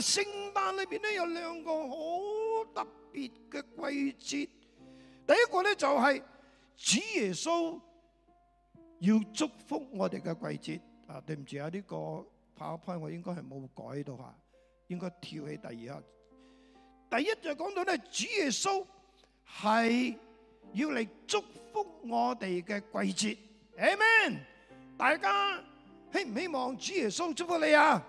聖誕裏邊咧有兩個好特別嘅季節，第一個咧就係主耶穌要祝福我哋嘅季節。啊，對唔住啊，呢個跑開，我應該係冇改到啊，應該跳起第二個啊。第一就講到咧，主耶穌係要嚟祝福我哋嘅季節。Amen，大家希唔希望主耶穌祝福你啊？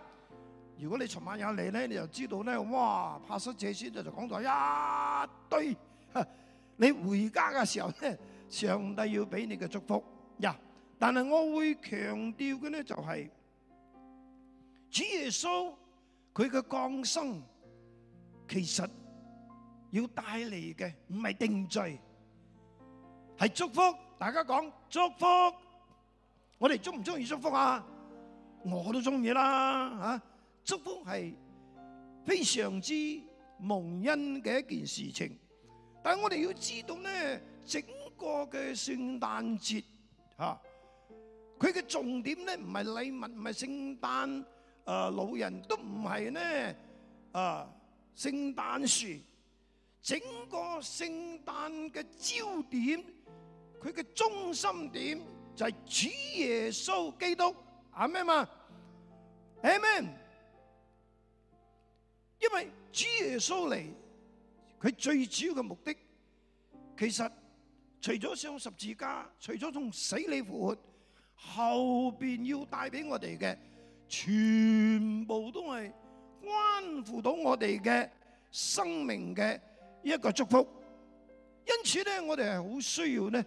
如果你尋晚有嚟咧，你就知道咧，哇！拍叔姐姐就講咗一堆。你回家嘅時候咧，上帝要俾你嘅祝福呀。但係我會強調嘅咧，就係主耶穌佢嘅降生，其實要帶嚟嘅唔係定罪，係祝福。大家講祝福，我哋中唔中意祝福啊？我都中意啦，吓。祝福係非常之蒙恩嘅一件事情，但係我哋要知道咧，整個嘅聖誕節嚇，佢嘅重點咧唔係禮物，唔係聖誕，誒老人都唔係咧，誒聖誕樹，整個聖誕嘅焦點，佢嘅中心點就係主耶穌基督，阿們嘛，阿們？因為主耶穌嚟，佢最主要嘅目的，其實除咗上十字架，除咗從死裏復活，後邊要帶俾我哋嘅，全部都係關乎到我哋嘅生命嘅一個祝福。因此咧，我哋係好需要咧，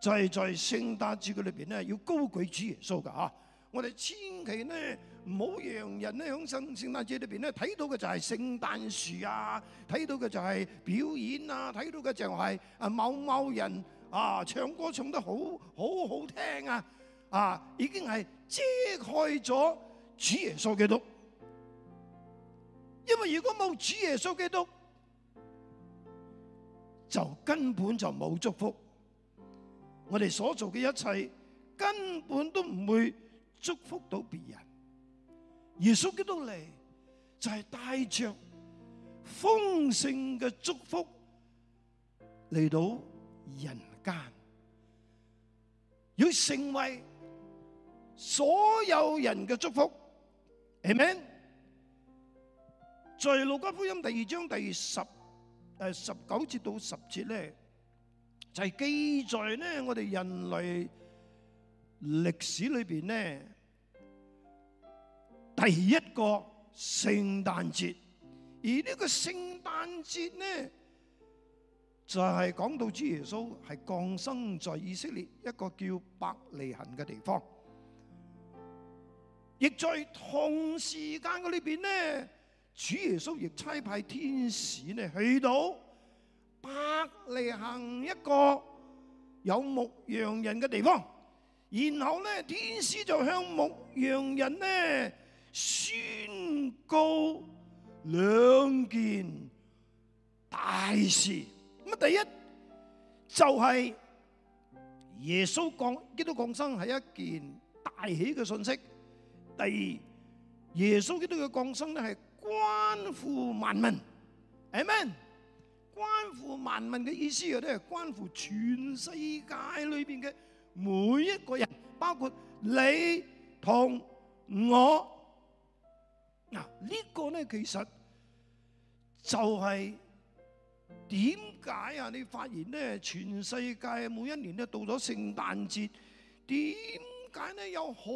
就係、是、在聖誕節裏邊咧，要高舉主耶穌噶吓。我哋千祈咧唔好讓人咧喺聖聖誕節裏邊咧睇到嘅就係聖誕樹啊，睇到嘅就係表演啊，睇到嘅就係啊某某人啊唱歌唱得好好好聽啊，啊，已經係遮蓋咗主耶穌基督。因為如果冇主耶穌基督，就根本就冇祝福。我哋所做嘅一切根本都唔會。祝福到別人，耶穌基督嚟，就係帶着豐盛嘅祝福嚟到人間，要成為所有人嘅祝福，係咪？在路加福音第二章第十誒十九節到十節咧，就係記載咧我哋人類歷史裏邊咧。係一個聖誕節，而呢個聖誕節呢，就係、是、講到主耶穌係降生在以色列一個叫伯利恆嘅地方。亦在同時間嗰裏邊呢，主耶穌亦差派天使呢去到伯利恆一個有牧羊人嘅地方，然後呢，天使就向牧羊人呢，宣告兩件大事。咁第一就係耶穌降基督降生係一件大喜嘅信息。第二，耶穌基督嘅降生咧係關乎萬民，Amen。關乎萬民嘅意思亦都係關乎全世界裏邊嘅每一個人，包括你同我。嗱，呢個咧其實就係點解啊？你發現咧，全世界每一年咧到咗聖誕節，點解咧有好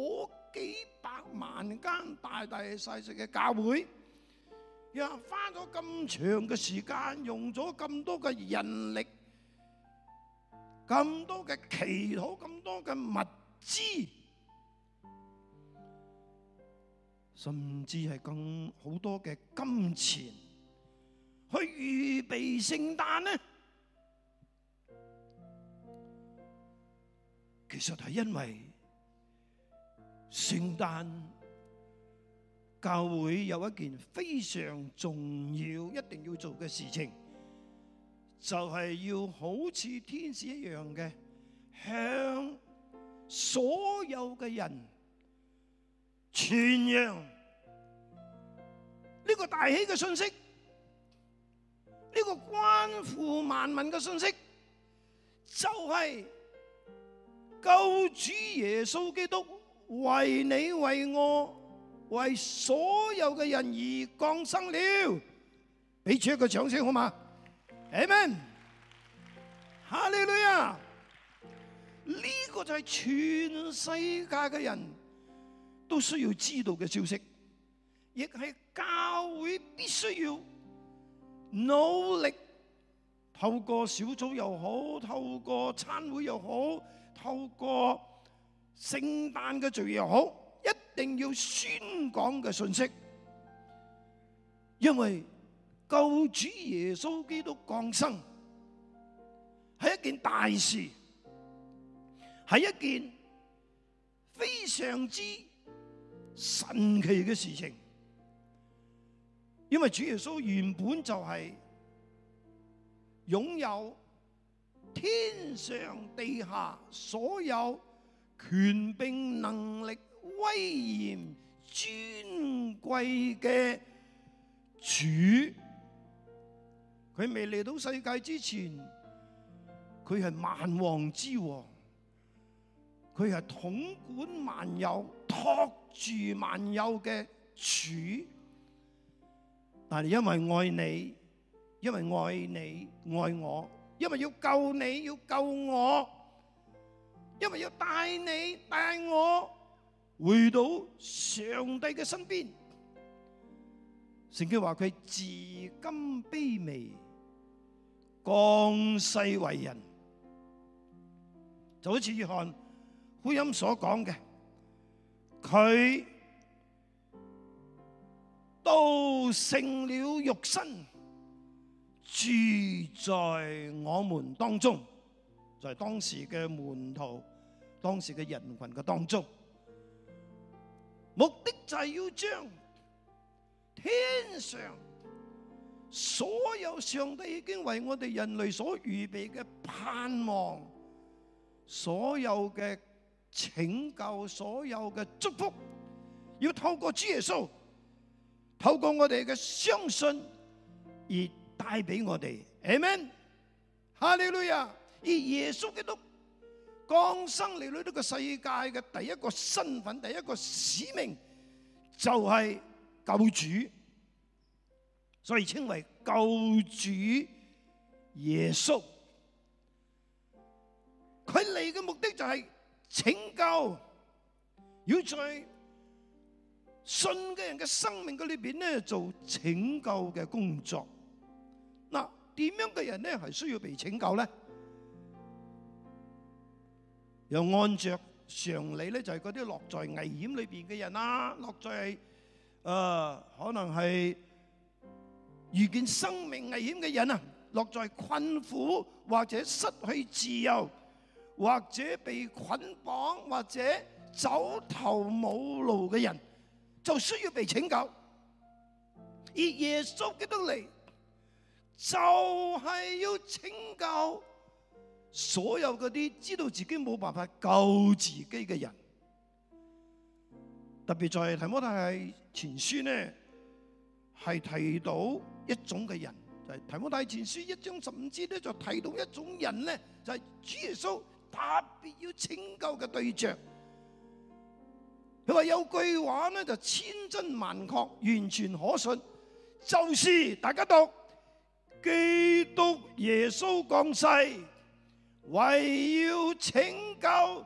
幾百萬間大大細細嘅教會，又花咗咁長嘅時間，用咗咁多嘅人力、咁多嘅祈禱、咁多嘅物資。甚至係更好多嘅金錢去預備聖誕呢，其實係因為聖誕教會有一件非常重要、一定要做嘅事情，就係要好似天使一樣嘅向所有嘅人。全洋呢個大喜嘅信息，呢個關乎萬民嘅信息，就係救主耶穌基督為你為我為所有嘅人而降生了，俾出一個掌聲好嗎？阿門！哈利路亞！呢個就係全世界嘅人。都需要知道嘅消息，亦係教會必須要努力透過小組又好，透過餐會又好，透過聖誕嘅聚又好，一定要宣講嘅信息。因為救主耶穌基督降生係一件大事，係一件非常之。神奇嘅事情，因為主耶穌原本就係擁有天上地下所有權柄、能力、威嚴、尊貴嘅主。佢未嚟到世界之前，佢係萬王之王，佢係統管萬有。握住萬有嘅主，但係因為愛你，因為愛你愛我，因為要救你要救我，因為要帶你帶我回到上帝嘅身邊。聖經話佢自今卑微，降世為人，就好似約翰福音所講嘅。佢都成了肉身，住在我們當中，在當時嘅門徒、當時嘅人群嘅當中，目的就係要將天上所有上帝已經為我哋人類所預備嘅盼望，所有嘅。拯救所有嘅祝福，要透過主耶穌，透過我哋嘅相信而帶俾我哋。阿門。哈利路亞。而耶穌基督降生嚟到呢個世界嘅第一個身份、第一個使命就係救主，所以稱為救主耶穌。佢嚟嘅目的就係，拯救要在信嘅人嘅生命嘅裏邊咧做拯救嘅工作。嗱，點樣嘅人咧係需要被拯救咧？又按著常理咧就係嗰啲落在危險裏邊嘅人啊，落在誒、呃、可能係遇見生命危險嘅人啊，落在困苦或者失去自由。或者被捆綁，或者走投冇路嘅人，就需要被拯救。而耶穌基督嚟，就係、是，要拯救所有嗰啲知道自己冇辦法救自己嘅人。特別在提摩太前書呢，係提到一種嘅人，就係、是、提摩太前書一章十五節咧就提到一種人咧，就係、是、主耶穌。特別要拯救嘅對象，佢話有句話咧，就千真萬確，完全可信，就是大家讀，基督耶穌降世，為要拯救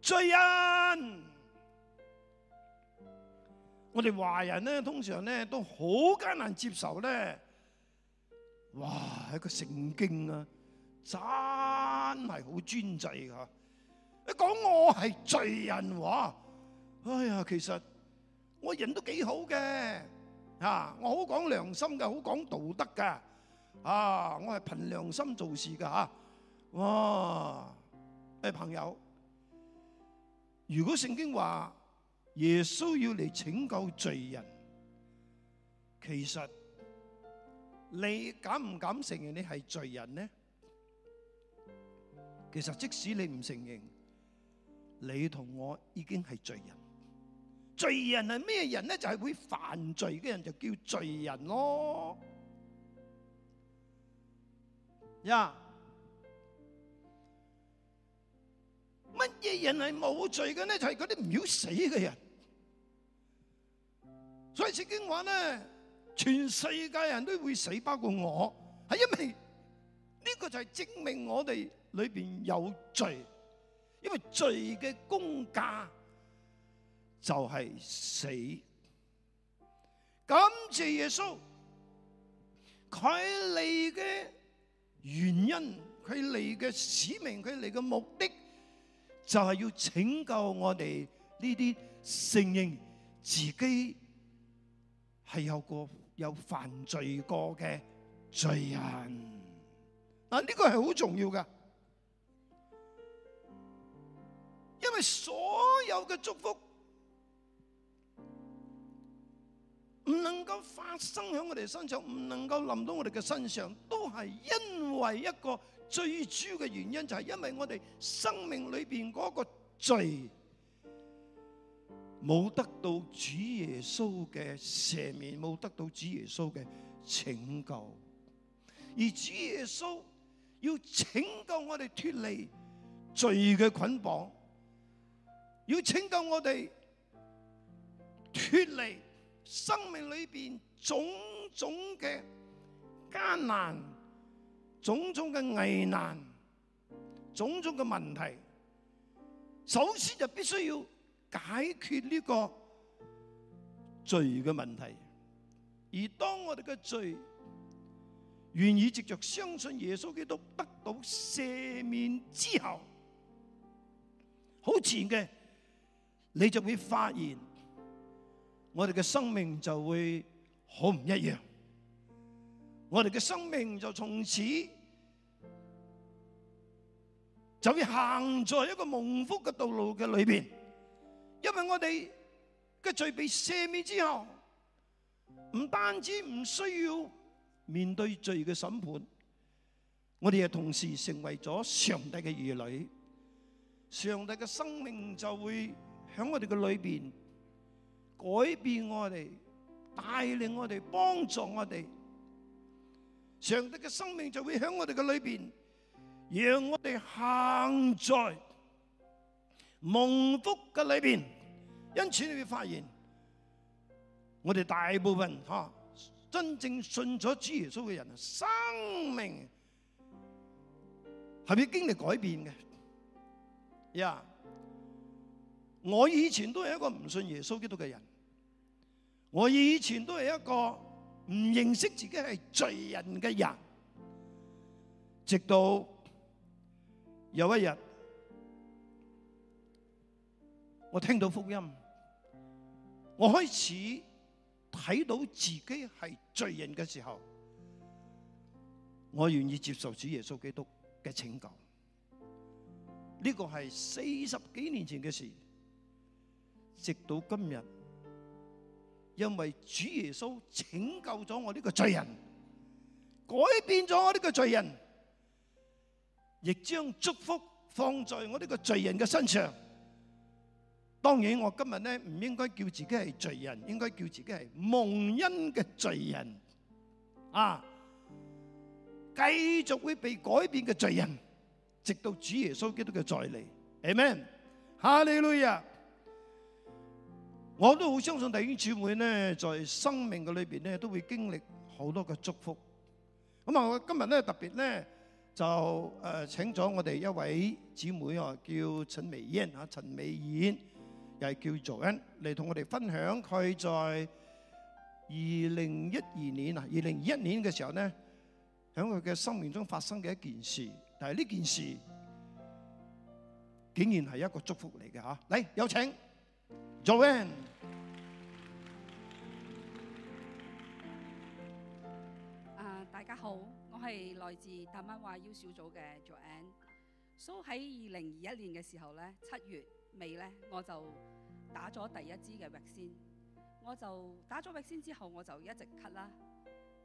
罪人。我哋華人咧通常咧都好艱難接受咧，哇，係一個聖經啊！真係好專制噶！你講我係罪人話，哎呀，其實我人都幾好嘅，啊，我好講良心嘅，好講道德嘅，啊，我係憑良心做事噶吓、啊。哇，誒、哎、朋友，如果聖經話耶穌要嚟拯救罪人，其實你敢唔敢承認你係罪人呢？其實即使你唔承認，你同我已經係罪人。罪人係咩人咧？就係會犯罪嘅人就叫罪人咯。呀，乜嘢人係冇罪嘅咧？就係嗰啲唔要死嘅人。所以聖經話咧，全世界人都會死，包括我，係因為呢個就係證明我哋裏邊有罪，因為罪嘅工價就係死。感謝耶穌，佢嚟嘅原因，佢嚟嘅使命，佢嚟嘅目的，就係、是、要拯救我哋呢啲承認自己係有過有犯罪過嘅罪人。嗱，呢個係好重要噶。因為所有嘅祝福唔能夠發生喺我哋身上，唔能夠臨到我哋嘅身上，都係因為一個最主要嘅原因，就係因為我哋生命裏邊嗰個罪冇得到主耶穌嘅赦免，冇得到主耶穌嘅拯救，而主耶穌要拯救我哋脫離罪嘅捆綁。要拯救我哋脫離生命裏邊種種嘅艱難、種種嘅危難、種種嘅問題。首先就必須要解決呢個罪嘅問題。而當我哋嘅罪願意藉着相信耶穌基督得到赦免之後，好自然嘅。你就會發現，我哋嘅生命就會好唔一樣。我哋嘅生命就從此就會行在一個蒙福嘅道路嘅裏邊，因為我哋嘅罪被赦免之後，唔單止唔需要面對罪嘅審判，我哋又同時成為咗上帝嘅兒女，上帝嘅生命就會。喺我哋嘅裏邊改變我哋帶領我哋幫助我哋，上帝嘅生命就會喺我哋嘅裏邊，讓我哋行在蒙福嘅裏邊。因此你會發現，我哋大部分吓真正信咗主耶穌嘅人，生命係咪經歷改變嘅，呀。我以前都係一個唔信耶穌基督嘅人，我以前都係一個唔認識自己係罪人嘅人，直到有一日我聽到福音，我開始睇到自己係罪人嘅時候，我願意接受主耶穌基督嘅拯救。呢個係四十幾年前嘅事。直到今日，因為主耶穌拯救咗我呢個罪人，改變咗我呢個罪人，亦將祝福放在我呢個罪人嘅身上。當然，我今日咧唔應該叫自己係罪人，應該叫自己係蒙恩嘅罪人啊！繼續會被改變嘅罪人，直到主耶穌基督嘅再嚟。阿門！哈利路亞！我都好相信弟兄姊妹咧，在生命嘅裏邊咧，都會經歷好多嘅祝福。咁啊，我今日咧特別咧就誒，請咗我哋一位姊妹啊，叫陳美燕啊，陳美燕又係叫 Joan 嚟，同我哋分享佢在二零一二年啊，二零二一年嘅時候咧，喺佢嘅生命中發生嘅一件事。但係呢件事竟然係一個祝福嚟嘅吓，嚟，有請。Joanne，啊、uh, 大家好，我係來自大孖話 U 小組嘅 Joanne。So 喺二零二一年嘅時候呢，七月尾呢，我就打咗第一支嘅 v a 我就打咗 v a 之後我就一直咳啦。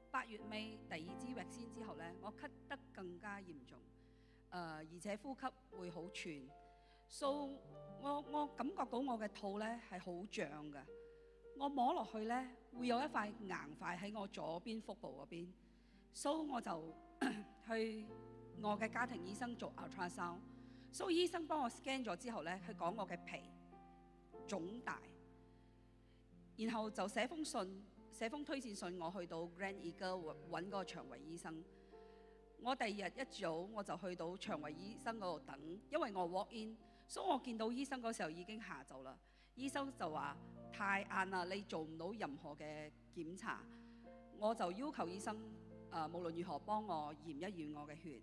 八月尾第二支 v a 之後呢，我咳得更加嚴重，誒、uh, 而且呼吸會好喘。so 我我感覺到我嘅肚咧係好脹㗎，我摸落去咧會有一塊硬塊喺我左邊腹部嗰邊，so 我就 去我嘅家庭醫生做 ultrasound，so 醫生幫我 scan 咗之後咧，佢講我嘅脾腫大，然後就寫封信，寫封推薦信我去到 Grand Eagle 揾個腸胃醫生。我第二日一早我就去到腸胃醫生嗰度等，因為我 walk in。所以、so, 我見到醫生嗰時候已經下晝啦，醫生就話太晏啦，你做唔到任何嘅檢查。我就要求醫生誒、呃，無論如何幫我驗一驗我嘅血。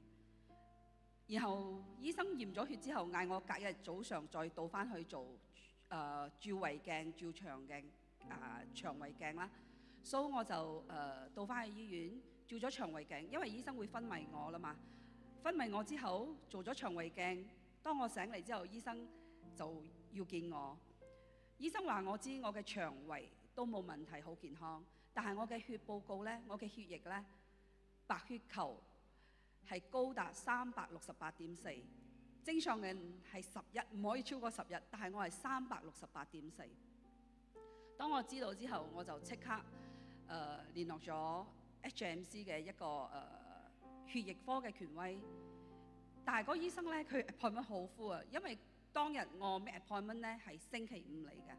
然後醫生驗咗血之後，嗌我隔日早上再倒翻去做誒照胃鏡、照腸鏡啊、腸、呃、腸胃鏡啦。所、so, 以我就誒、呃、倒翻去醫院照咗腸胃鏡，因為醫生會昏迷我啦嘛。昏迷我之後，做咗腸胃鏡。當我醒嚟之後，醫生就要見我。醫生話我知我嘅腸胃都冇問題，好健康。但係我嘅血報告呢，我嘅血液呢，白血球係高達三百六十八點四，正常人係十一，唔可以超過十日。但係我係三百六十八點四。當我知道之後，我就即刻誒、呃、聯絡咗 HMC 嘅一個誒、呃、血液科嘅權威。但係嗰醫生咧，佢 appointment 好 full 啊，因為當日我咩 appointment 咧係星期五嚟嘅，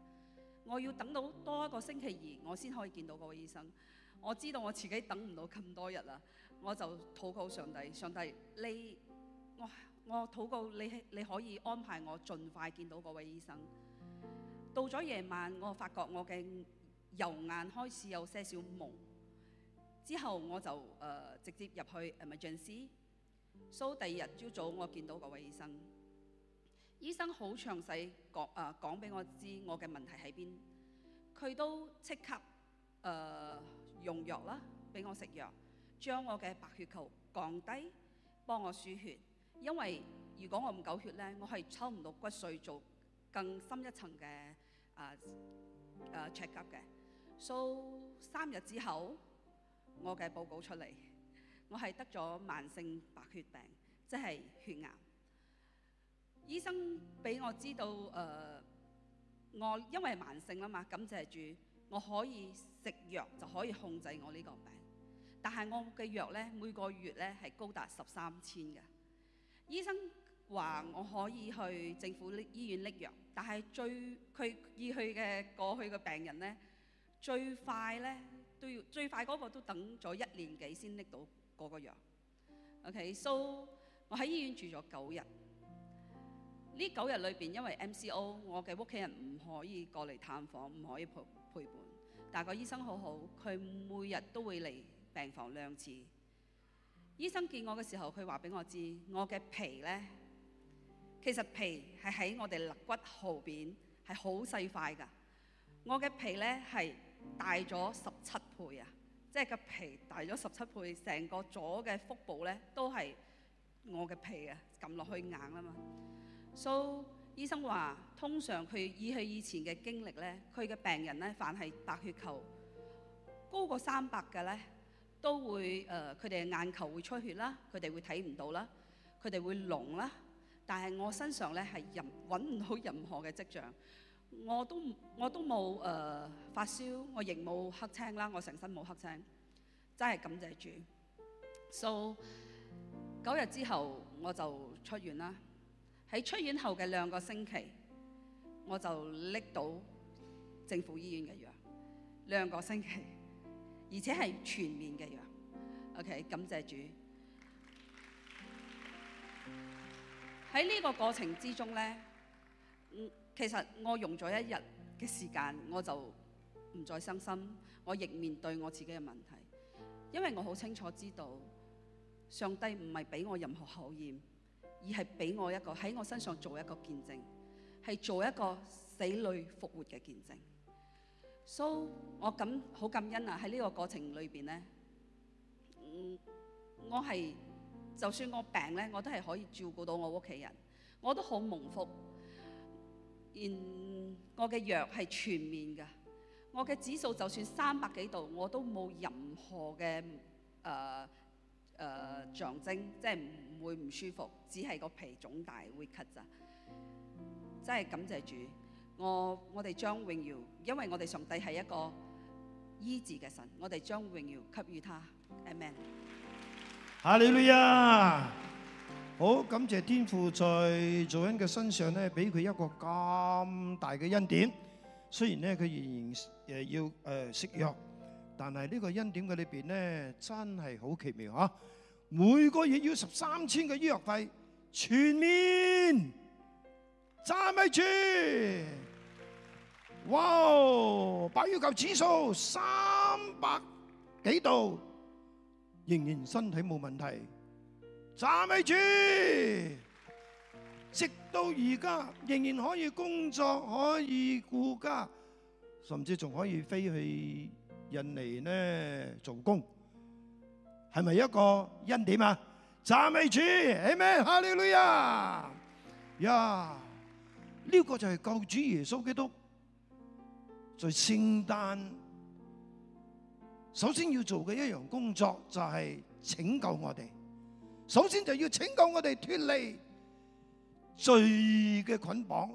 我要等到多一個星期二我先可以見到嗰位醫生。我知道我自己等唔到咁多日啦，我就禱告上帝，上帝你我我禱告你你可以安排我盡快見到嗰位醫生。到咗夜晚，我發覺我嘅右眼開始有些少朦，之後我就誒、呃、直接入去 e m e r 所以、so，第二日朝早，我見到嗰位醫生，醫生好詳細講誒、呃、講俾我知我嘅問題喺邊，佢都即刻誒、呃、用藥啦，俾我食藥，將我嘅白血球降低，幫我輸血，因為如果我唔夠血咧，我係抽唔到骨髓做更深一層嘅誒誒 check up 嘅。so 三日之後我嘅報告出嚟。我係得咗慢性白血病，即係血癌。醫生俾我知道，誒、呃，我因為慢性啊嘛，感謝主我可以食藥就可以控制我呢個病。但係我嘅藥咧，每個月咧係高達十三千嘅。醫生話我可以去政府醫院拎藥，但係最佢要去嘅過去嘅病人咧，最快咧都要最快嗰個都等咗一年幾先拎到。個個樣，OK，so，okay? 我喺醫院住咗九日。呢九日裏邊，因為 MCO，我嘅屋企人唔可以過嚟探訪，唔可以陪陪伴。但個醫生好好，佢每日都會嚟病房兩次。醫生見我嘅時候，佢話俾我知，我嘅皮咧，其實皮係喺我哋肋骨後邊，係好細塊噶。我嘅皮咧係大咗十七倍啊！即係個皮大咗十七倍，成個左嘅腹部咧都係我嘅皮啊！撳落去硬啊嘛。So 醫生話，通常佢以佢以前嘅經歷咧，佢嘅病人咧，凡係白血球高過三百嘅咧，都會誒佢哋眼球會出血啦，佢哋會睇唔到啦，佢哋會聾啦。但係我身上咧係任揾唔到任何嘅跡象。我都我都冇誒發燒，我亦冇黑青啦，我成身冇黑青，真係感謝主。So 九日之後我就出院啦。喺出院後嘅兩個星期，我就拎到政府醫院嘅藥，兩個星期，而且係全面嘅藥。OK，感謝主。喺呢個過程之中咧。其實我用咗一日嘅時間，我就唔再傷心，我亦面對我自己嘅問題，因為我好清楚知道，上帝唔係俾我任何考驗，而係俾我一個喺我身上做一個見證，係做一個死裡復活嘅見證。So 我感好感恩啊！喺呢個過程裏邊咧，嗯，我係就算我病咧，我都係可以照顧到我屋企人，我都好蒙福。In，我嘅藥係全面嘅，我嘅指數就算三百幾度，我都冇任何嘅誒誒象徵，即係唔會唔舒服，只係個皮腫大會咳咋，真係感謝主，我我哋將榮耀，因為我哋上帝係一個醫治嘅神，我哋將榮耀給予他，阿門。哈利路亞。好，感謝天父在左恩嘅身上咧，俾佢一個咁大嘅恩典。雖然咧佢仍然誒要誒食藥，但係呢個恩典嘅裏邊咧，真係好奇妙啊！每個月要十三千嘅醫藥費，全面贊美主，哇！白血球指數三百幾度，仍然身體冇問題。站起住，直到而家仍然可以工作，可以顧家，甚至仲可以飛去印尼呢做工，係咪一個恩典啊？站起住，係咩哈利路亞呀？呢個就係救主耶穌基督在聖誕首先要做嘅一樣工作，就係拯救我哋。首先就要請告我哋脫離罪嘅捆綁。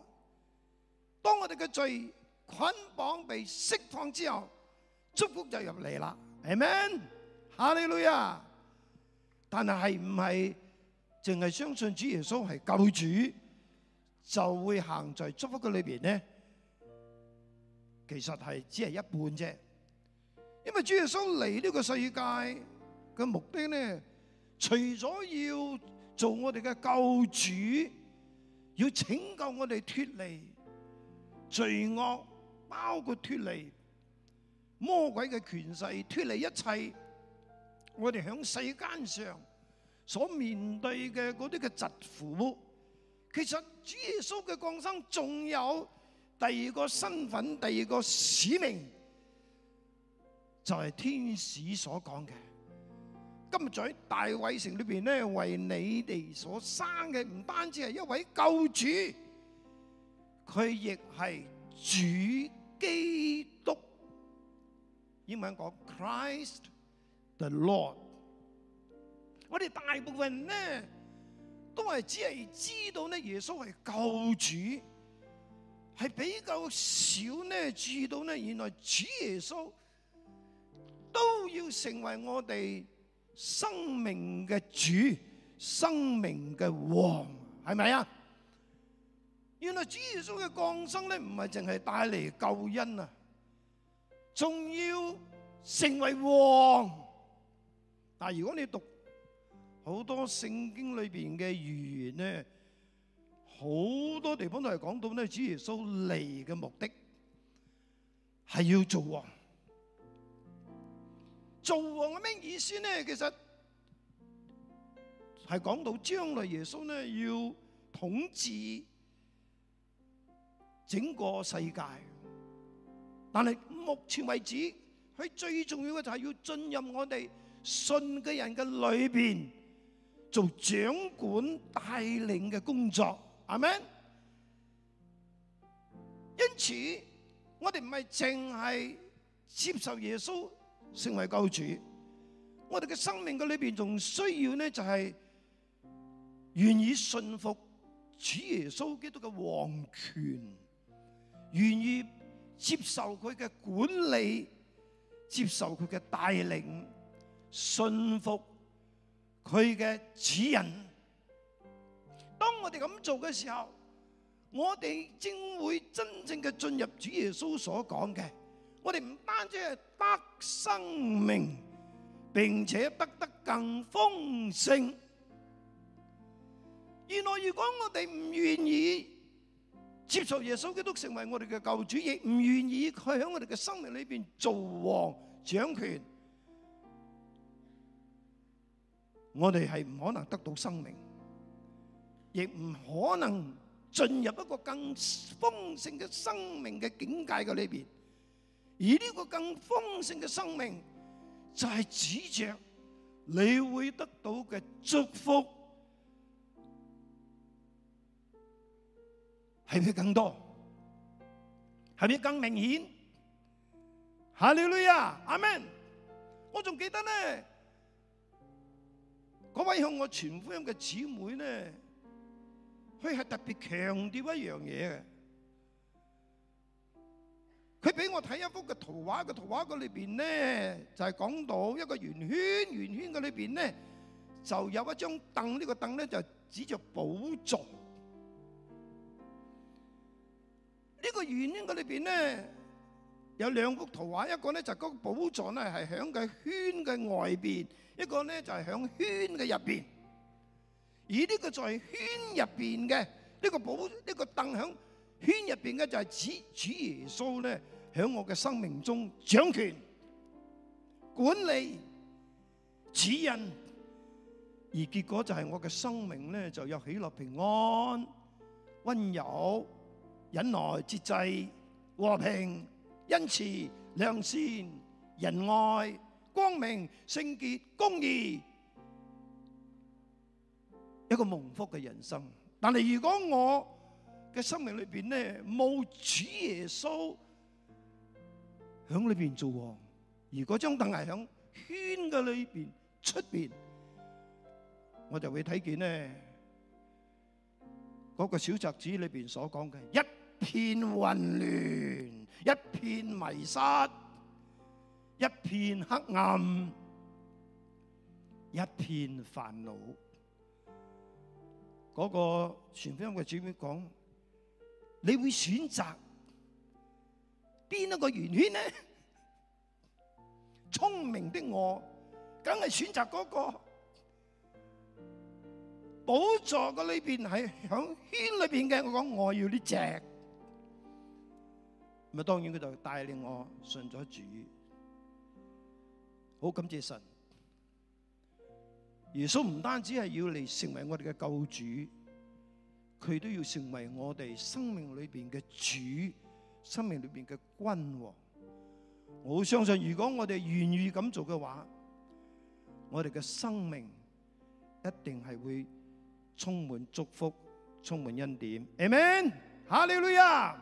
當我哋嘅罪捆綁被釋放之後，祝福就入嚟啦。阿 men，哈利路亞。但係係唔係淨係相信主耶穌係救主，就會行在祝福嘅裏邊呢？其實係只係一半啫。因為主耶穌嚟呢個世界嘅目的呢？除咗要做我哋嘅救主，要拯救我哋脫離罪惡，包括脫離魔鬼嘅權勢，脫離一切我哋響世間上所面對嘅嗰啲嘅疾苦，其實主耶穌嘅降生仲有第二個身份，第二個使命，就係天使所講嘅。今日在大衛城裏邊咧，為你哋所生嘅唔單止係一位救主，佢亦係主基督。英文講 Christ the Lord。我哋大部分咧都係只係知道咧耶穌係救主，係比較少咧知道咧原來主耶穌都要成為我哋。生命嘅主，生命嘅王，係咪啊？原來主耶穌嘅降生咧，唔係淨係帶嚟救恩啊，仲要成為王。但係如果你讀好多聖經裏邊嘅預言咧，好多地方都係講到咧，主耶穌嚟嘅目的係要做王。做王係咩意思呢？其實係講到將來耶穌呢要統治整個世界，但係目前為止，佢最重要嘅就係要進入我哋信嘅人嘅裏邊做掌管帶領嘅工作，係咪？因此我哋唔係淨係接受耶穌。成為救主，我哋嘅生命嘅裏邊仲需要呢，就係、是、願意信服主耶穌基督嘅王權，願意接受佢嘅管理，接受佢嘅帶領，信服佢嘅指引。當我哋咁做嘅時候，我哋正會真正嘅進入主耶穌所講嘅。我哋唔單止係得生命，並且得得更豐盛。原來如果我哋唔願意接受耶穌基督成為我哋嘅救主，亦唔願意佢喺我哋嘅生命裏邊做王掌權，我哋係唔可能得到生命，亦唔可能進入一個更豐盛嘅生命嘅境界嘅裏邊。而呢個更豐盛嘅生命，就係指著你會得到嘅祝福係咪更多，係咪更明顯？哈利路亞，阿門。我仲記得呢，呢位向我傳福音嘅姊妹呢，佢係特別強調一樣嘢嘅。佢俾我睇一幅嘅圖畫，個圖畫個裏邊咧就係講到一個圓圈，圓圈嘅裏邊咧就有一張凳，呢個凳咧就指着寶座。呢個圓圈嘅裏邊咧有兩幅圖畫，一個咧就係個寶座咧係響嘅圈嘅外邊，一個咧就係響圈嘅入邊。而呢個在圈入邊嘅呢個寶呢個凳響圈入邊嘅就係指主耶穌咧，喺我嘅生命中掌權、管理、指引，而結果就係我嘅生命咧就有喜樂、平安、溫柔、忍耐、節制、和平、恩慈、良善、仁愛、光明、聖潔、公義，一個蒙福嘅人生。但係如果我嘅生命裏邊咧冇主耶穌，響裏邊做，如果張凳係響圈嘅裏邊，出邊我就會睇見咧，嗰個小冊子裏邊所講嘅一片混亂，一片迷失，一片黑暗，一片煩惱。嗰個傳福音嘅主編講，你會選擇？邊一個圓圈呢？聰明的我，梗係選擇嗰個寶座嗰裏邊係響圈裏邊嘅。我講我要呢隻，咪當然佢就帶領我信咗主。好，感謝神。耶穌唔單止係要嚟成為我哋嘅救主，佢都要成為我哋生命裏邊嘅主。生命裏邊嘅君王，我相信如果我哋願意咁做嘅話，我哋嘅生命一定係會充滿祝福、充滿恩典。阿們，哈利路亞！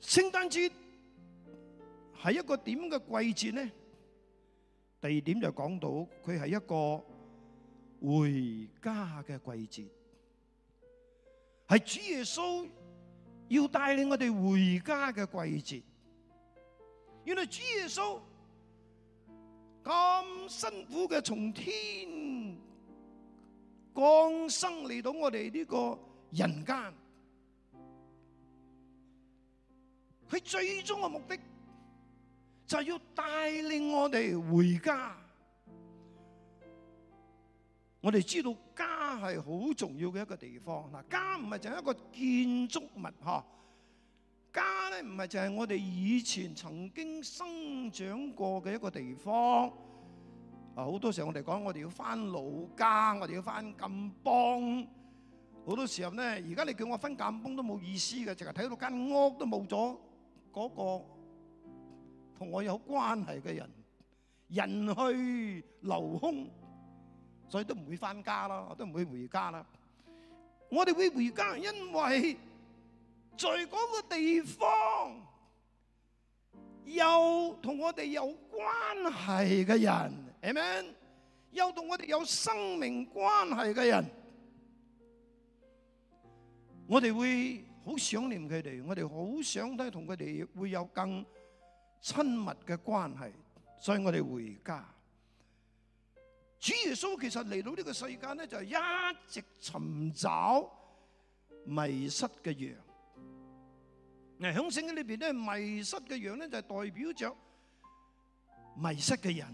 聖誕節係一個點嘅季節呢？第二點就講到佢係一個回家嘅季節，係主耶穌，要帶領我哋回家嘅季節，原來主耶穌咁辛苦嘅從天降生嚟到我哋呢個人間，佢最終嘅目的就係要帶領我哋回家。我哋知道家係好重要嘅一個地方。嗱，家唔係淨係一個建築物，嗬、啊。家咧唔係淨係我哋以前曾經生長過嘅一個地方。啊，好多時候我哋講我哋要翻老家，我哋要翻咁邦。好多時候咧，而家你叫我翻甘邦都冇意思嘅，淨係睇到間屋都冇咗嗰個同我有關係嘅人，人去樓空。所以都唔會返家咯，我都唔會回家啦。我哋會回家，因為在嗰個地方又同我哋有關係嘅人，係咪？又同我哋有生命關係嘅人，我哋會好想念佢哋，我哋好想睇同佢哋會有更親密嘅關係，所以我哋回家。主耶穌其實嚟到呢個世界咧，就係、是、一直尋找迷失嘅羊。喺聖經裏邊咧，迷失嘅羊咧就是、代表著迷失嘅人，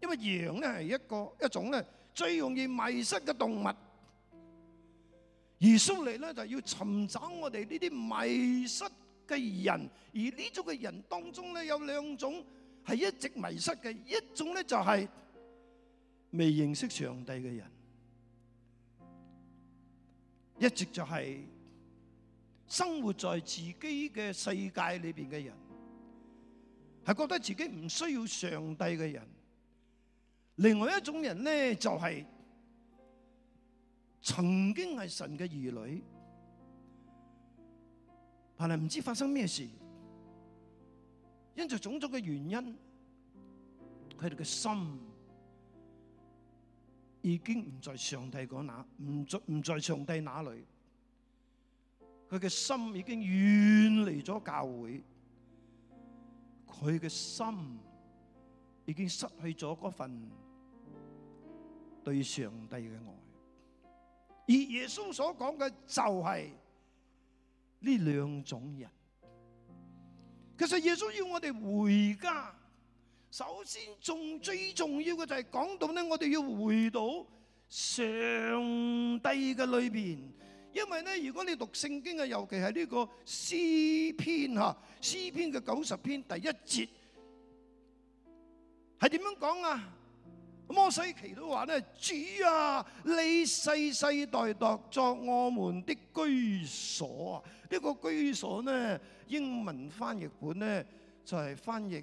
因為羊咧係一個一種咧最容易迷失嘅動物。而穌耶嚟咧就是、要尋找我哋呢啲迷失嘅人，而呢種嘅人當中咧有兩種係一直迷失嘅，一種咧就係、是。未認識上帝嘅人，一直就係生活在自己嘅世界裏邊嘅人，係覺得自己唔需要上帝嘅人。另外一種人咧，就係、是、曾經係神嘅兒女，但係唔知發生咩事，因着種種嘅原因，佢哋嘅心。已經唔在上帝嗰那，唔在唔在上帝那裏，佢嘅心已經遠離咗教會，佢嘅心已經失去咗嗰份對上帝嘅愛，而耶穌所講嘅就係呢兩種人，其實耶穌要我哋回家。首先，仲最重要嘅就係講到咧，我哋要回到上帝嘅裏邊，因為咧，如果你讀聖經嘅，尤其係呢個詩篇吓詩篇嘅九十篇第一節係點樣講啊？摩西奇都話咧，主啊，你世世代代作我們的居所，啊，呢個居所咧，英文翻譯本咧就係、是、翻譯。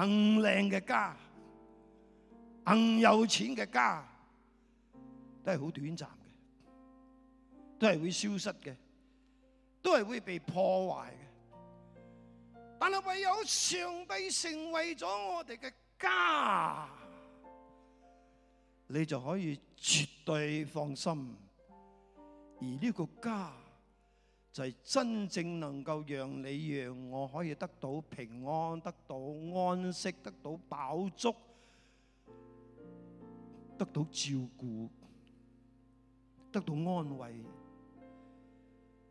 更靚嘅家，更有錢嘅家，都係好短暫嘅，都係會消失嘅，都係會被破壞嘅。但係唯有上帝成為咗我哋嘅家，你就可以絕對放心。而呢個家。就係真正能夠讓你讓我可以得到平安，得到安息，得到飽足，得到照顧，得到安慰，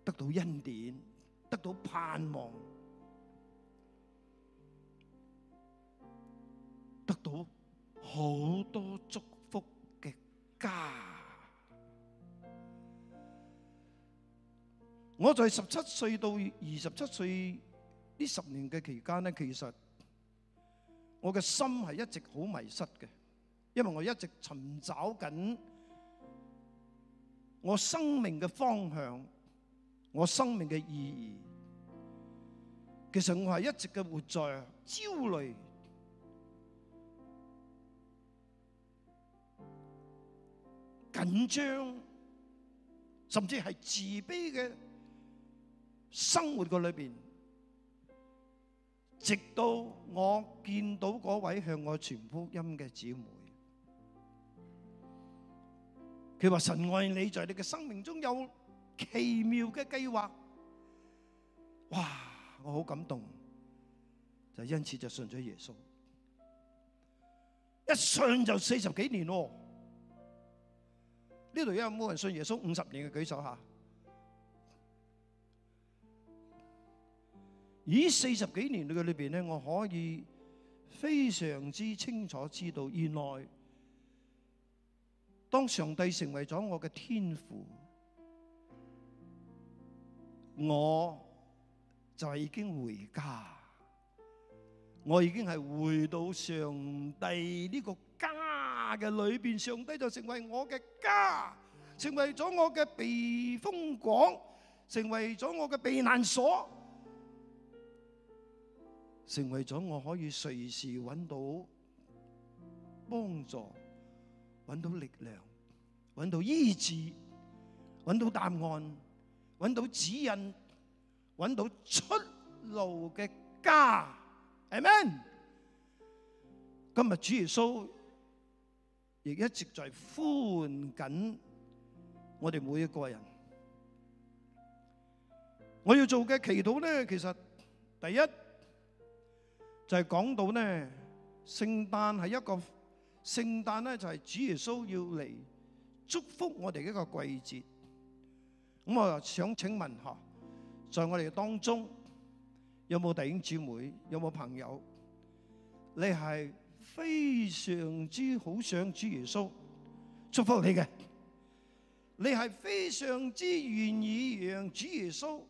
得到恩典，得到盼望，得到好多祝福嘅家。我在十七歲到二十七歲呢十年嘅期間咧，其實我嘅心係一直好迷失嘅，因為我一直尋找緊我生命嘅方向、我生命嘅意義。其實我係一直嘅活在焦慮、緊張，甚至係自卑嘅。生活嘅裏邊，直到我見到嗰位向我傳福音嘅姊妹，佢話神愛你，在你嘅生命中有奇妙嘅計劃。哇，我好感動，就因此就信咗耶穌。一信就四十幾年哦。呢度有冇人信耶穌五十年嘅舉手下？以四十幾年嘅裏邊咧，我可以非常之清楚知道，原來當上帝成為咗我嘅天父，我就已經回家，我已經係回到上帝呢個家嘅裏邊，上帝就成為我嘅家，成為咗我嘅避風港，成為咗我嘅避難所。成為咗我可以隨時搵到幫助，搵到力量，搵到醫治，搵到答案，搵到指引，搵到出路嘅家。阿們，今日主耶穌亦一直在呼喚緊我哋每一個人。我要做嘅祈禱咧，其實第一。就係講到咧，聖誕係一個聖誕咧，就係主耶穌要嚟祝福我哋一個季節。咁我又想請問吓，在我哋當中有冇弟兄姊妹，有冇朋友，你係非常之好想主耶穌祝福你嘅？你係非常之願意讓主耶穌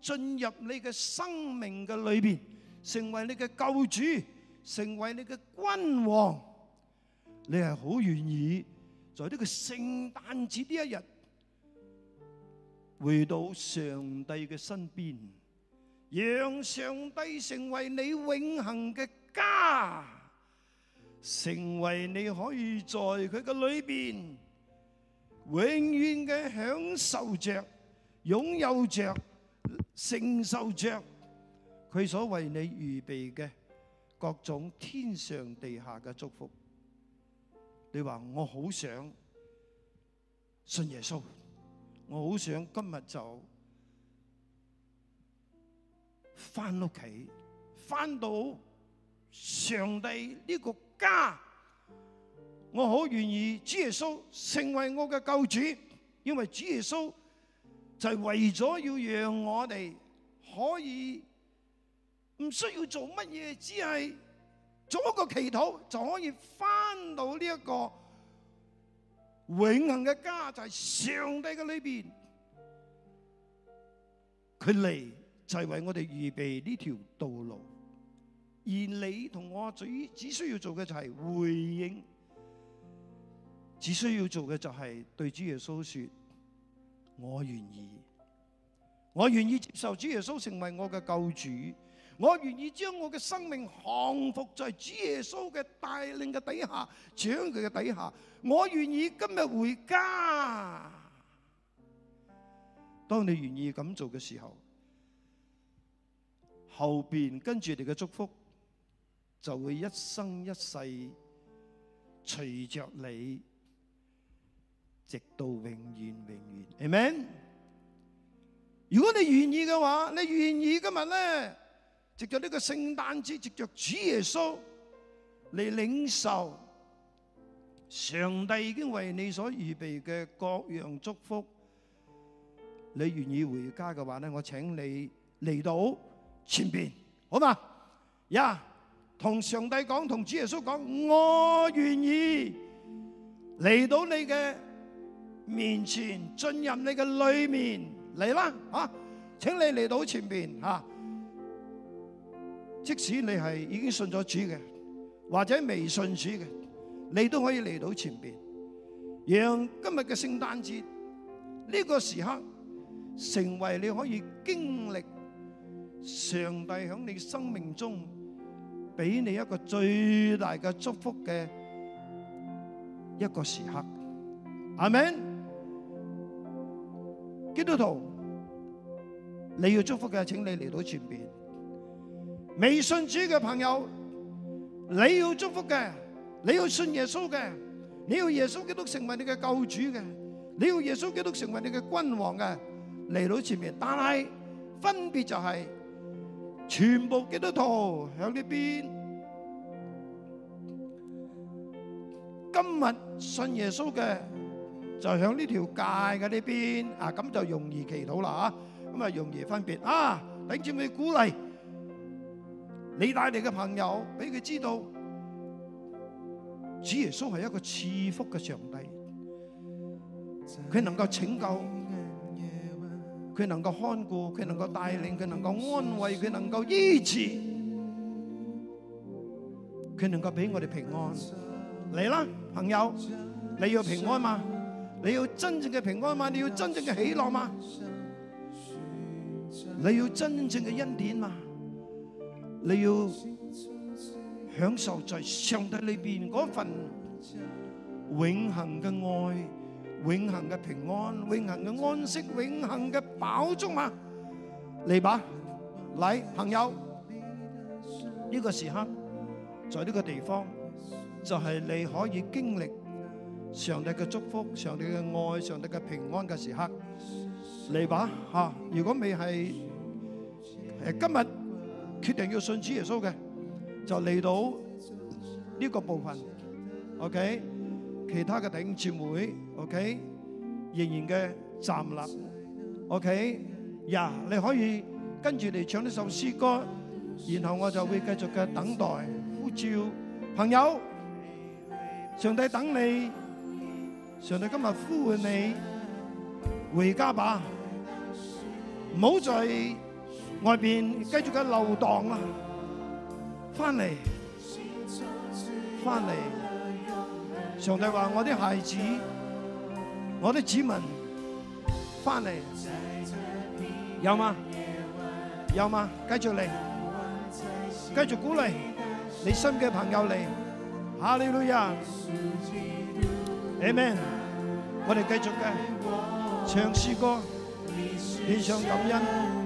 進入你嘅生命嘅裏邊？成為你嘅救主，成為你嘅君王，你係好願意在呢個聖誕節呢一日回到上帝嘅身邊，讓上帝成為你永恆嘅家，成為你可以在佢嘅裏邊永遠嘅享受着、擁有着、承受着。佢所為你預備嘅各種天上地下嘅祝福，你話我好想信耶穌，我好想今日就翻屋企，翻到上帝呢個家，我好願意主耶穌成為我嘅救主，因為主耶穌就係為咗要讓我哋可以。唔需要做乜嘢，只係做一個祈禱，就可以翻到呢一個永恆嘅家，就係上帝嘅裏邊。佢嚟就係為我哋預備呢條道路，而你同我只只需要做嘅就係回應，只需要做嘅就係對主耶穌說：我願意，我願意接受主耶穌成為我嘅救主。我願意將我嘅生命降服在主耶穌嘅帶領嘅底下，掌佢嘅底下。我願意今日回家。當你願意咁做嘅時候，後邊跟住你嘅祝福就會一生一世隨着你，直到永遠永遠。Amen？如果你願意嘅話，你願意今日呢？藉著呢個聖誕節，藉著主耶穌嚟領受，上帝已經為你所預備嘅各樣祝福。你願意回家嘅話咧，我請你嚟到前邊，好嘛？呀，同上帝講，同主耶穌講，我願意嚟到你嘅面前，進入你嘅裏面，嚟啦啊！請你嚟到前邊吓。即使你係已經信咗主嘅，或者未信主嘅，你都可以嚟到前邊，讓今日嘅聖誕節呢個時刻，成為你可以經歷上帝響你生命中俾你一個最大嘅祝福嘅一個時刻，阿們。基督徒，你要祝福嘅，請你嚟到前邊。未信主嘅朋友，你要祝福嘅，你要信耶穌嘅，你要耶穌基督成為你嘅救主嘅，你要耶穌基督成為你嘅君王嘅，嚟到前面。但係分別就係，全部基督徒響呢邊，今日信耶穌嘅就響呢條界嘅呢邊啊，咁就容易祈禱啦啊，咁啊容易分別啊，等住佢鼓勵。你帶嚟嘅朋友俾佢知道，主耶穌係一個賜福嘅上帝，佢能夠拯救，佢能夠看顧，佢能夠帶領，佢能夠安慰，佢能夠醫治。佢能夠俾我哋平安。嚟啦，朋友，你要平安嘛？你要真正嘅平安嘛？你要真正嘅喜樂嘛？你要真正嘅恩典嘛？你要享受在上帝裏邊嗰份永恆嘅愛、永恆嘅平安、永恆嘅安息、永恆嘅飽足啊，嚟吧，嚟朋友，呢個時刻在呢個地方就係你可以經歷上帝嘅祝福、上帝嘅愛、上帝嘅平安嘅時刻。嚟吧，吓，如果未係誒今日。決定要信主耶穌嘅，就嚟到呢個部分，OK。其他嘅弟兄姊妹，OK，仍然嘅站立，OK。呀，你可以跟住嚟唱呢首詩歌，然後我就會繼續嘅等待呼召，朋友，上帝等你，上帝今日呼喚你回家吧，唔好再～外邊繼續嘅流蕩啊，翻嚟，翻嚟，上帝話：我啲孩子，我啲子民，翻嚟，有嗎？有嗎？繼續嚟，繼續鼓勵你新嘅朋友嚟，哈利路亞，阿門。我哋繼續嘅唱詩歌，獻上感恩。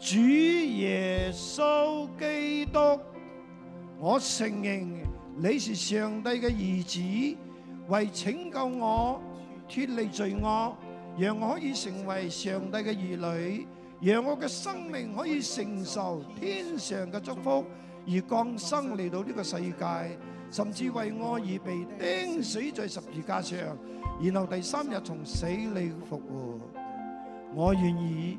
主耶穌基督，我承認你是上帝嘅兒子，為拯救我脫離罪惡，讓我可以成為上帝嘅兒女，讓我嘅生命可以承受天上嘅祝福，而降生嚟到呢個世界，甚至為我而被釘死在十字架上，然後第三日從死裏復活。我願意。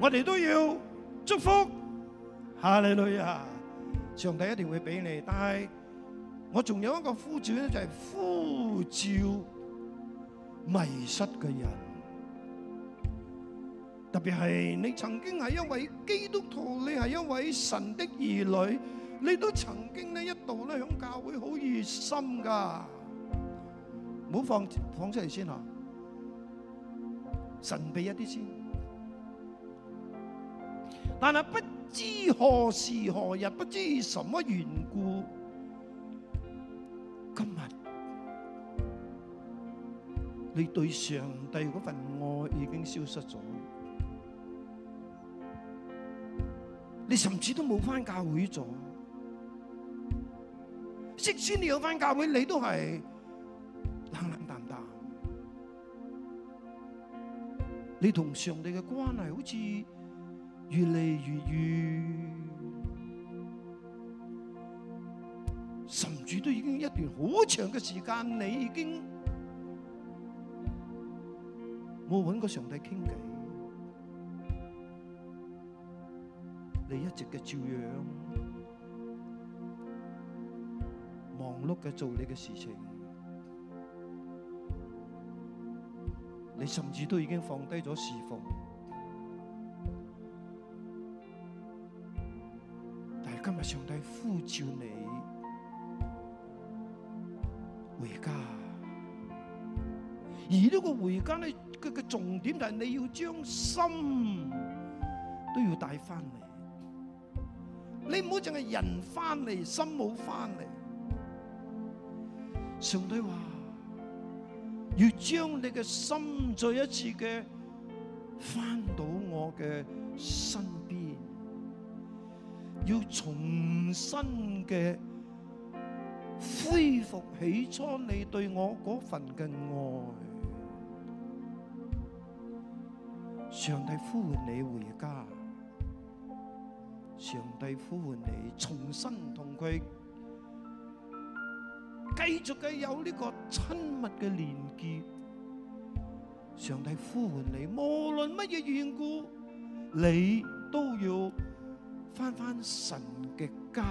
我哋都要祝福下你女啊！上帝一定會俾你，但係我仲有一個呼召咧，就係呼召迷失嘅人。特別係你曾經係一位基督徒，你係一位神的兒女，你都曾經呢一度咧響教會好熱心噶。唔好放放出嚟，先啊，神秘一啲先。但係不知何時何日，不知什麼緣故，今日你對上帝嗰份愛已經消失咗，你甚至都冇返教會咗。即使你有返教會，你都係冷冷淡淡，你同上帝嘅關係好似。越嚟越遠，甚至都已經一段好長嘅時間，你已經冇搵過上帝傾偈。你一直嘅照樣忙碌嘅做你嘅事情，你甚至都已經放低咗侍奉。呼召你回家，而呢個回家咧，佢嘅重點就係你要將心都要帶翻嚟。你唔好淨係人翻嚟，心冇翻嚟。上帝話要將你嘅心再一次嘅翻到我嘅身。要重新嘅恢復起初你對我嗰份嘅愛，上帝呼喚你回家，上帝呼喚你重新同佢繼續嘅有呢個親密嘅連結，上帝呼喚你，無論乜嘢緣故，你都要。翻翻神嘅家，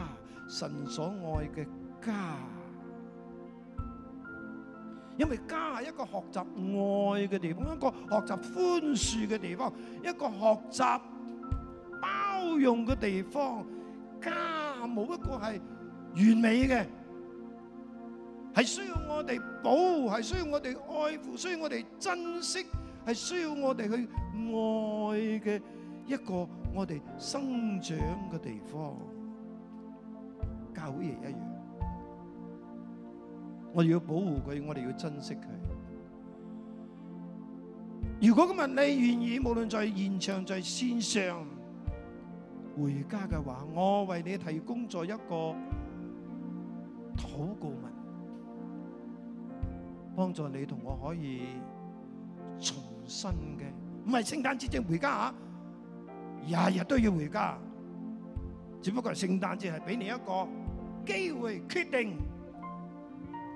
神所愛嘅家，因為家係一個學習愛嘅地方，一個學習寬恕嘅地方，一個學習包容嘅地方。家冇一個係完美嘅，係需要我哋保護，係需要我哋愛護，需要我哋珍惜，係需要我哋去愛嘅一個。我哋生長嘅地方，教會一樣。我哋要保護佢，我哋要珍惜佢。如果今日你願意，無論在現場在綫上回家嘅話，我爲你提供咗一個禱告文，幫助你同我可以重新嘅，唔係聖誕節就回家啊！日日都要回家，只不過聖誕節係俾你一個機會，決定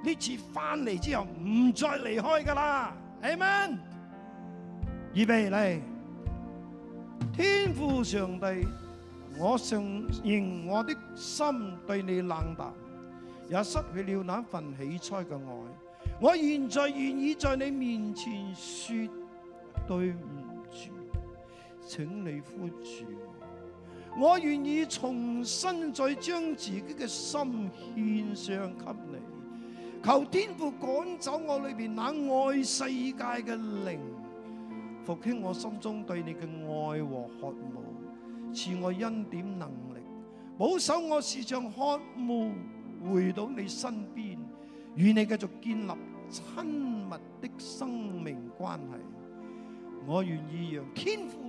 呢次返嚟之後唔再離開噶啦，Amen。預備嚟，天父上帝，我承認我的心對你冷淡，也失去了那份喜彩嘅愛，我現在願意在你面前說對唔。請你寬恕我，我願意重新再將自己嘅心獻上給你。求天父趕走我裏邊那愛世界嘅靈，復興我心中對你嘅愛和渴慕，賜我恩典能力，保守我時常渴慕回到你身邊，與你繼續建立親密的生命關係。我願意讓天父。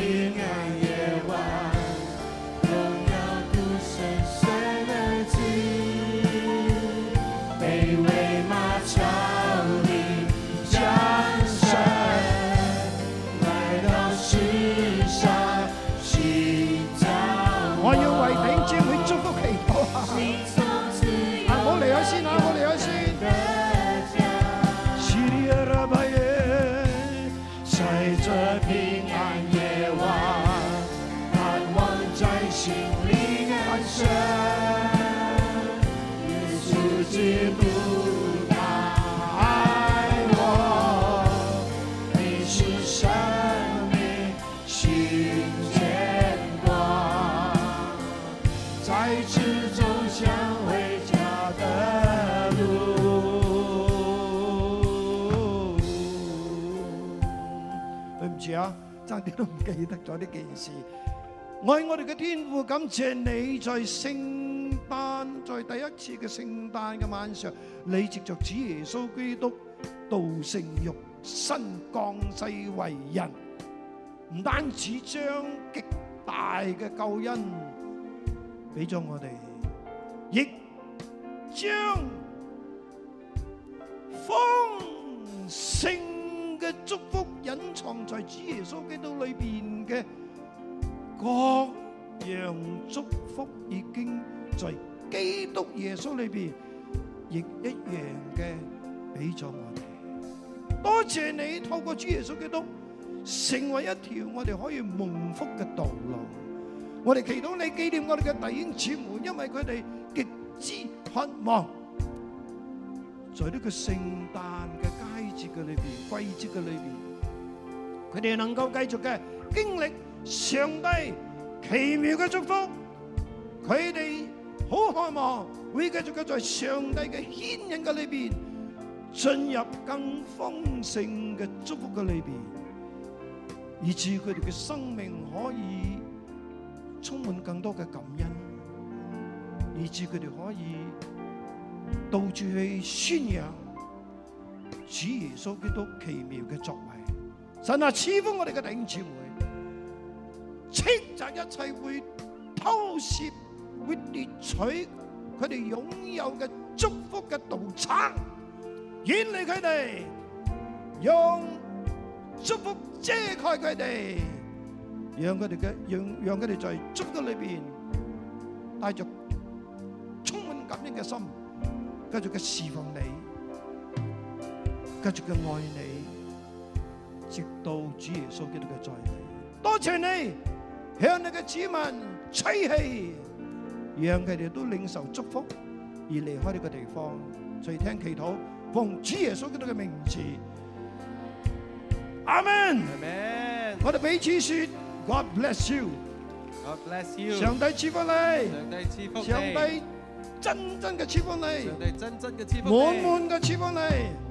你都唔記得咗呢件事，愛我哋嘅天父感謝你，在聖誕，在第一次嘅聖誕嘅晚上，你藉著主耶穌基督道成肉身降世為人，唔單止將極大嘅救恩俾咗我哋，亦將豐盛嘅祝福隱藏在主耶穌基督裏邊嘅各樣祝福，已經在基督耶穌裏邊亦一樣嘅俾咗我哋。多謝你透過主耶穌基督，成為一條我哋可以蒙福嘅道路。我哋祈禱你紀念我哋嘅弟兄姊妹，因為佢哋極之渴望在呢個聖誕嘅。季節嘅裏邊，季節嘅裏邊，佢哋能夠繼續嘅經歷上帝奇妙嘅祝福，佢哋好渴望會繼續嘅在上帝嘅牽引嘅裏邊進入更豐盛嘅祝福嘅裏邊，以至佢哋嘅生命可以充滿更多嘅感恩，以至佢哋可以到處去宣揚。主耶穌基督奇妙嘅作為，神啊賜福我哋嘅第五次會，斥責一切會偷竊、會奪取佢哋擁有嘅祝福嘅盜賊，遠離佢哋，用祝福遮蓋佢哋，讓佢哋嘅讓讓佢哋在祝福裏邊，帶着充滿感恩嘅心，繼續嘅侍奉你。繼續嘅愛你，直到主耶穌基督嘅再嚟。多謝你向你嘅子民吹氣，讓佢哋都領受祝福而離開呢個地方。隨聽祈禱，奉主耶穌基督嘅名字，阿門。阿門。我哋彼此說 God bless you。God bless you。上帝賜福你。上帝賜福你。上帝真正嘅賜福你。上帝真正嘅賜福你。滿滿嘅賜福你。